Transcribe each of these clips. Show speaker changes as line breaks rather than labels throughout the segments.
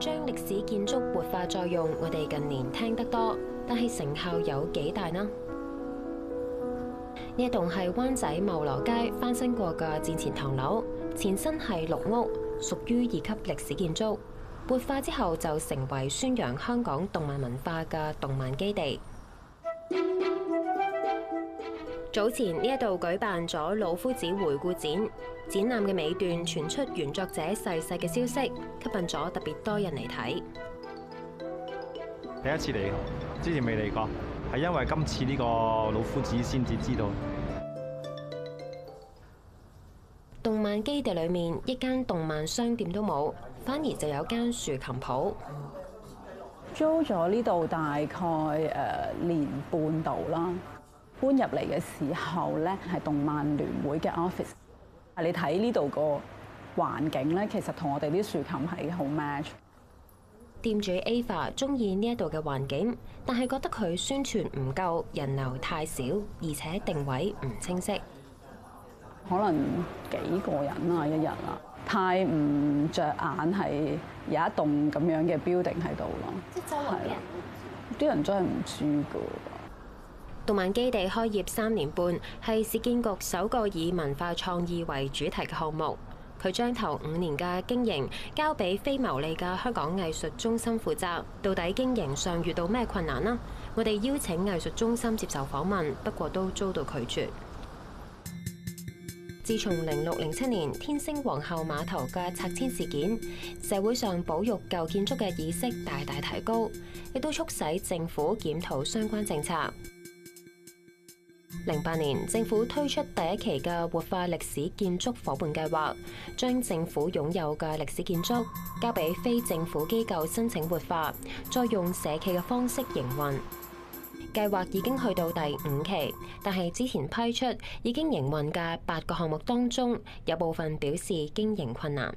將歷史建築活化作用，我哋近年聽得多，但係成效有幾大呢？呢一棟係灣仔茂蘿街翻新過嘅戰前唐樓，前身係綠屋，屬於二級歷史建築。活化之後就成為宣揚香港動漫文化嘅動漫基地。早前呢一度舉辦咗老夫子回顧展，展覽嘅尾段傳出原作者逝世嘅消息，吸引咗特別多人嚟睇。
第一次嚟，之前未嚟過，係因為今次呢個老夫子先至知道。
動漫基地裏面一間動漫商店都冇，反而就有間豎琴鋪，租咗呢度大概
誒年半度啦。搬入嚟嘅時候咧，係動漫聯會嘅 office。但你睇呢度個環境咧，其實同我哋啲樹
琴係好 match。店主 Ava 中意呢一度嘅環境，但係覺得佢宣傳唔夠，人流太少，而且定位唔清晰。可能幾個人啊一日啊，太唔着
眼係有一棟咁樣嘅 building 喺度咯。即係周圍啲人，真係唔知㗎。
動漫基地開業三年半，係市建局首個以文化創意為主題嘅項目。佢將頭五年嘅經營交俾非牟利嘅香港藝術中心負責。到底經營上遇到咩困難呢？我哋邀請藝術中心接受訪問，不過都遭到拒絕。自從零六零七年天星皇后碼頭嘅拆遷事件，社會上保育舊建築嘅意識大大提高，亦都促使政府檢討相關政策。零八年，政府推出第一期嘅活化歷史建築伙伴計劃，將政府擁有嘅歷史建築交俾非政府機構申請活化，再用社企嘅方式營運。計劃已經去到第五期，但係之前批出已經營運嘅八個項目當中，有部分表示經營困難。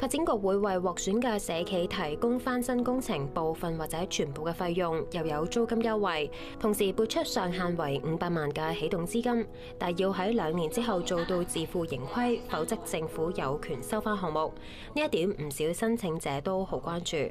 發展局會為獲選嘅社企提供翻新工程部分或者全部嘅費用，又有租金優惠，同時撥出上限為五百萬嘅起動資金，但要喺兩年之後做到自負盈虧，否則政府有權收返項目。呢一點唔少申請者都好關注。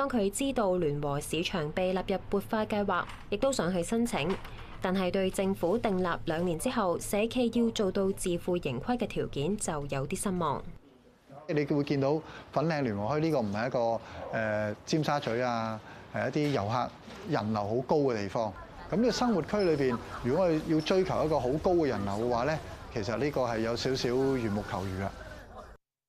當佢知道聯和市場被納入活化計劃，亦都想去申請，但係對政府訂立兩年之後社企要做到自負盈虧嘅條件就有啲失望。
你會見到粉嶺聯和墟呢個唔係一個誒尖沙咀啊，係一啲遊客人流好高嘅地方。咁呢個生活區裏邊，如果我要追求一個好高嘅人流嘅話咧，其實呢個係有少少緣木求魚啊。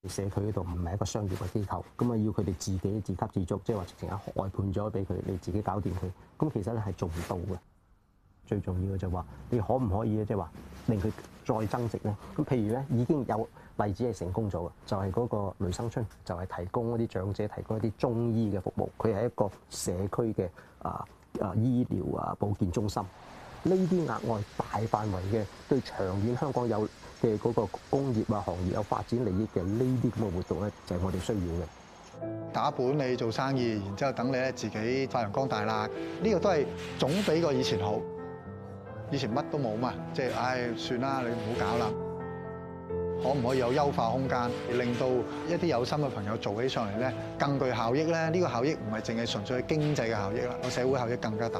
社區嗰度唔係一個商業嘅機構，咁
啊要佢哋自己自給自足，即係話直情係外判咗俾佢，你自己搞掂佢。咁其實咧係做唔到嘅。最重要嘅就係話你可唔可以，即係話令佢再增值咧？咁譬如咧已經有例子係成功咗嘅，就係、是、嗰個雷生春就係，就係提供一啲長者提供一啲中醫嘅服務。佢係一個社區嘅啊啊醫療啊保健中心。呢啲額外大範圍嘅對長遠香港有嘅嗰個工業啊行業有發展利益嘅呢啲咁嘅活動咧，就係我哋需要嘅。
打本你做生意，然之後等你咧自己發揚光大啦。呢個都係總比個以前好。以前乜都冇嘛，即係唉算啦，你唔好搞啦。可唔可以有優化空間，令到一啲有心嘅朋友做起上嚟咧，更具效益咧？呢個效益唔係淨係純粹經濟嘅效益啦，個社會效益更加大。